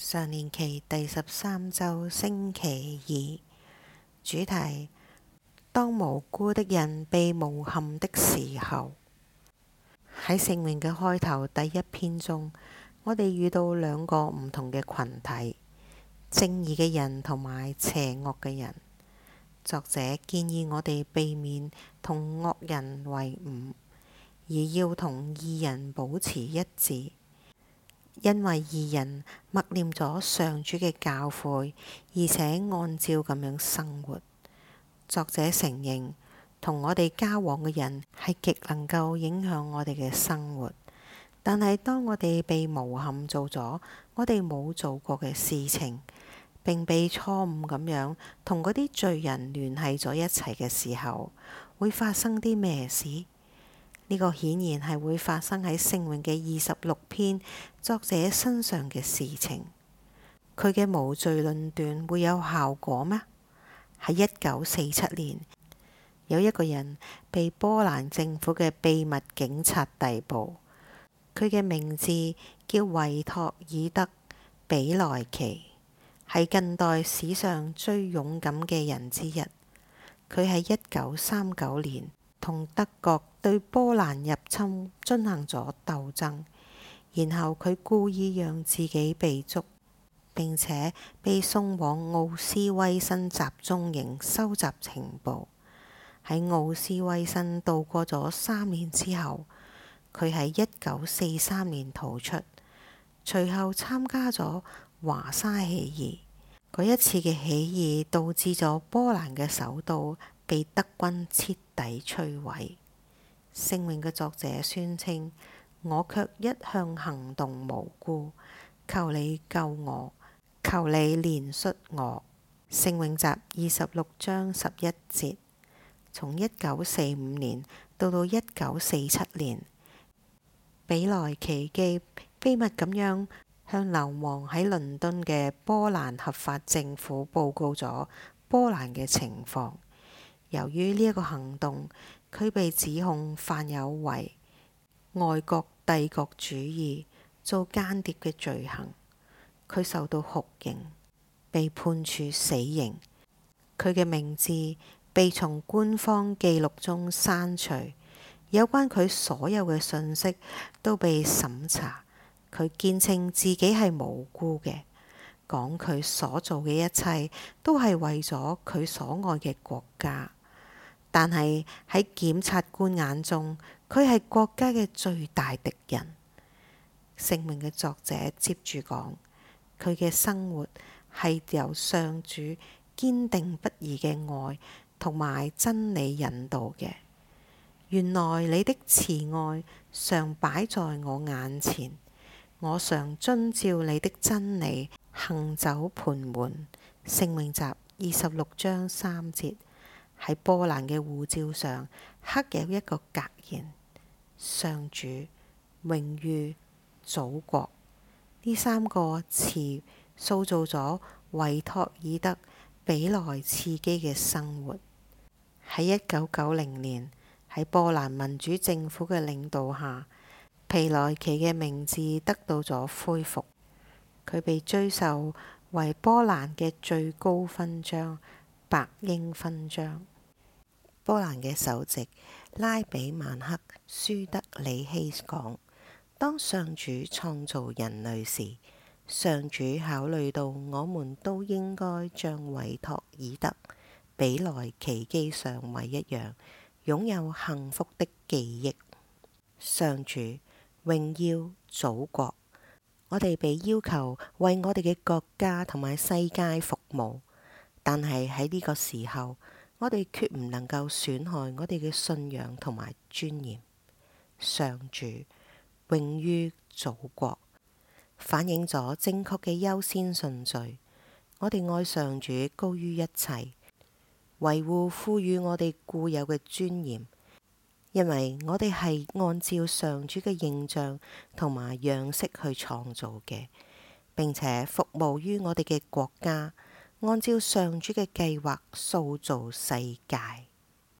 常年期第十三週星期二主題：當無辜的人被誣陷的時候。喺聖詠嘅開頭第一篇中，我哋遇到兩個唔同嘅群體，正義嘅人同埋邪惡嘅人。作者建議我哋避免同惡人為伍，而要同義人保持一致。因為二人默念咗上主嘅教誨，而且按照咁樣生活。作者承認同我哋交往嘅人係極能夠影響我哋嘅生活。但係當我哋被誣陷做咗我哋冇做過嘅事情，並被錯誤咁樣同嗰啲罪人聯繫咗一齊嘅時候，會發生啲咩事？呢個顯然係會發生喺《聖詠》嘅二十六篇作者身上嘅事情。佢嘅無罪論斷會有效果咩？喺一九四七年，有一個人被波蘭政府嘅秘密警察逮捕，佢嘅名字叫維托爾德·皮萊奇，係近代史上最勇敢嘅人之一。佢喺一九三九年，同德國對波蘭入侵進行咗鬥爭，然後佢故意讓自己被捉，並且被送往奧斯威辛集中營收集情報。喺奧斯威辛度過咗三年之後，佢喺一九四三年逃出，隨後參加咗華沙起義。嗰一次嘅起義導致咗波蘭嘅首都，被德軍徹底摧毀。聖詠嘅作者宣稱：我卻一向行動無辜，求你救我，求你憐恤我。聖詠集二十六章十一節。從一九四五年到到一九四七年，皮萊奇基秘密咁樣向流亡喺倫敦嘅波蘭合法政府報告咗波蘭嘅情況。由於呢一個行動，佢被指控犯有為外國帝國主義做間諜嘅罪行，佢受到酷刑，被判處死刑。佢嘅名字被從官方記錄中刪除，有關佢所有嘅信息都被審查。佢堅稱自己係無辜嘅，講佢所做嘅一切都係為咗佢所愛嘅國家。但係喺檢察官眼中，佢係國家嘅最大敵人。聖詠嘅作者接住講：佢嘅生活係由上主堅定不移嘅愛同埋真理引導嘅。原來你的慈愛常擺在我眼前，我常遵照你的真理行走盤桓。聖詠集二十六章三節。喺波蘭嘅護照上刻有一個格言：「上主、榮譽、祖國」。呢三個詞塑造咗維托爾德·皮萊茨基嘅生活。喺一九九零年，喺波蘭民主政府嘅領導下，皮萊奇嘅名字得到咗恢復，佢被追授為波蘭嘅最高勳章，白鷹勳章，波蘭嘅首席拉比曼克舒德利希講，當上主創造人類時，上主考慮到我們都應該像維托爾德皮萊奇基上尉一樣，擁有幸福的記憶，上主、榮耀祖國，我哋被要求為我哋嘅國家同埋世界服務。但係喺呢個時候，我哋絕唔能夠損害我哋嘅信仰同埋尊嚴。上主、榮譽、祖國，反映咗正確嘅優先順序。我哋愛上主高於一切，維護賦予我哋固有嘅尊嚴，因為我哋係按照上主嘅形象同埋樣式去創造嘅，並且服務於我哋嘅國家。按照上主嘅計劃塑造世界。